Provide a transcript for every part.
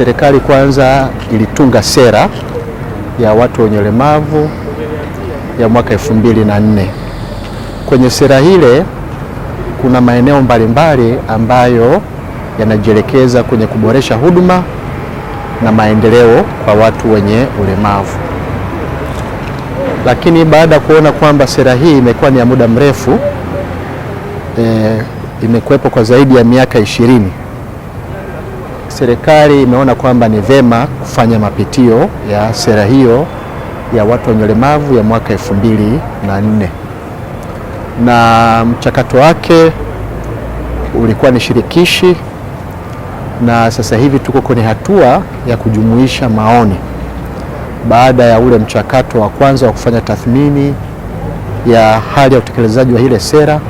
serikali kwanza ilitunga sera ya watu wenye ulemavu ya mwaka elfu mbili na nne. Kwenye sera ile kuna maeneo mbalimbali ambayo yanajielekeza kwenye kuboresha huduma na maendeleo kwa watu wenye ulemavu. Lakini baada ya kuona kwamba sera hii imekuwa ni ya muda mrefu e, imekuwepo kwa zaidi ya miaka ishirini serikali imeona kwamba ni vema kufanya mapitio ya sera hiyo ya watu wenye ulemavu ya mwaka elfu mbili na nne na mchakato wake ulikuwa ni shirikishi, na sasa hivi tuko kwenye hatua ya kujumuisha maoni baada ya ule mchakato wa kwanza wa kufanya tathmini ya hali ya utekelezaji wa ile sera,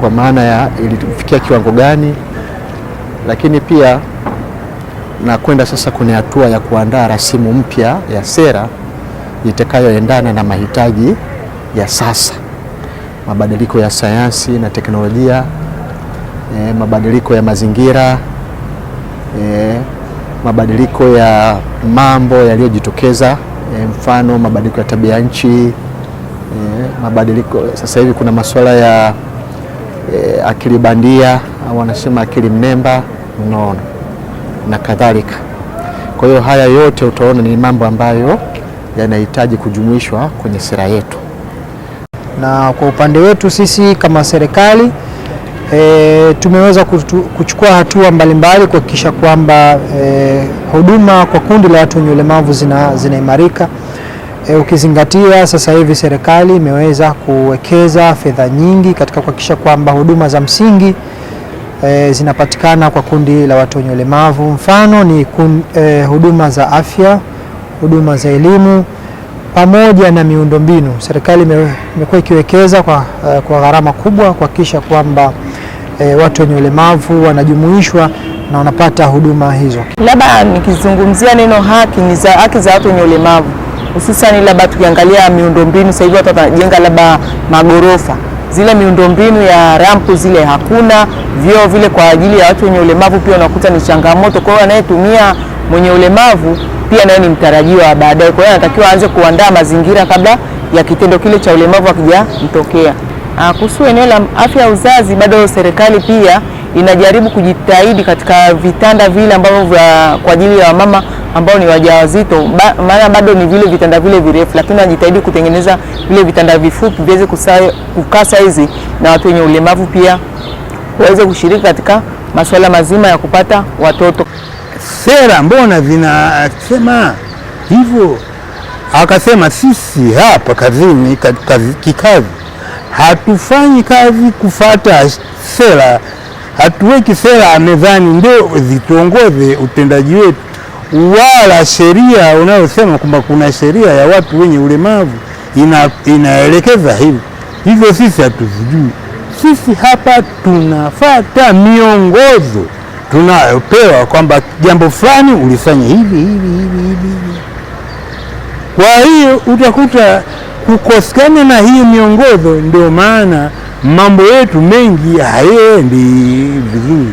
kwa maana ya ilifikia kiwango gani, lakini pia na kwenda sasa kwenye hatua ya kuandaa rasimu mpya ya sera itakayoendana na mahitaji ya sasa, mabadiliko ya sayansi na teknolojia, e, mabadiliko ya mazingira, e, mabadiliko ya mambo yaliyojitokeza, e, mfano mabadiliko ya tabia nchi, e, mabadiliko sasa hivi kuna masuala ya e, akili bandia au wanasema akili mnemba, unaona na kadhalika. Kwa hiyo haya yote utaona ni mambo ambayo yanahitaji kujumuishwa kwenye sera yetu, na kwa upande wetu sisi kama serikali e, tumeweza kuchukua hatua mbalimbali kuhakikisha kwamba e, huduma kwa kundi la watu wenye ulemavu zinaimarika zina E, ukizingatia sasa hivi serikali imeweza kuwekeza fedha nyingi katika kuhakikisha kwamba huduma za msingi e, zinapatikana kwa kundi la watu wenye ulemavu. Mfano ni kun, e, huduma za afya, huduma za elimu pamoja na miundombinu. Serikali imekuwa ikiwekeza kwa, eh, kwa gharama kubwa kuhakikisha kwamba e, watu wenye ulemavu wanajumuishwa na wanapata huduma hizo. Labda nikizungumzia neno haki, ni za haki za watu wenye ulemavu hususani, labda tukiangalia miundombinu, sasa hivi watu wanajenga labda magorofa zile miundombinu ya rampu zile hakuna, vyoo vile kwa ajili ya watu wenye ulemavu pia unakuta ni changamoto. Kwa hiyo anayetumia mwenye ulemavu pia naye ni mtarajiwa wa baadaye, kwa hiyo anatakiwa aanze kuandaa mazingira kabla ya kitendo kile cha ulemavu akijamtokea. Ah, kuhusu eneo la afya ya uzazi, bado serikali pia inajaribu kujitahidi katika vitanda vile ambavyo kwa ajili ya wamama ambao ni wajawazito, maana bado ni vile vitanda vile virefu, lakini najitahidi kutengeneza vile vitanda vifupi viweze kukaa saizi, na watu wenye ulemavu pia waweze kushiriki katika masuala mazima ya kupata watoto. Sera mbona zinasema hivyo? Akasema sisi hapa kazini, kazi, kikazi hatufanyi kazi kufata sera, hatuweki sera mezani ndio zituongoze utendaji wetu wala sheria unayosema kwamba kuna sheria ya watu wenye ulemavu ina, inaelekeza hivi hivyo, sisi hatuzijui Sisi hapa tunafata miongozo tunayopewa kwamba jambo fulani ulifanya hivi hivi hivi hivi. Kwa hiyo utakuta kukosekana na hii miongozo, ndio maana mambo yetu mengi hayaendi vizuri.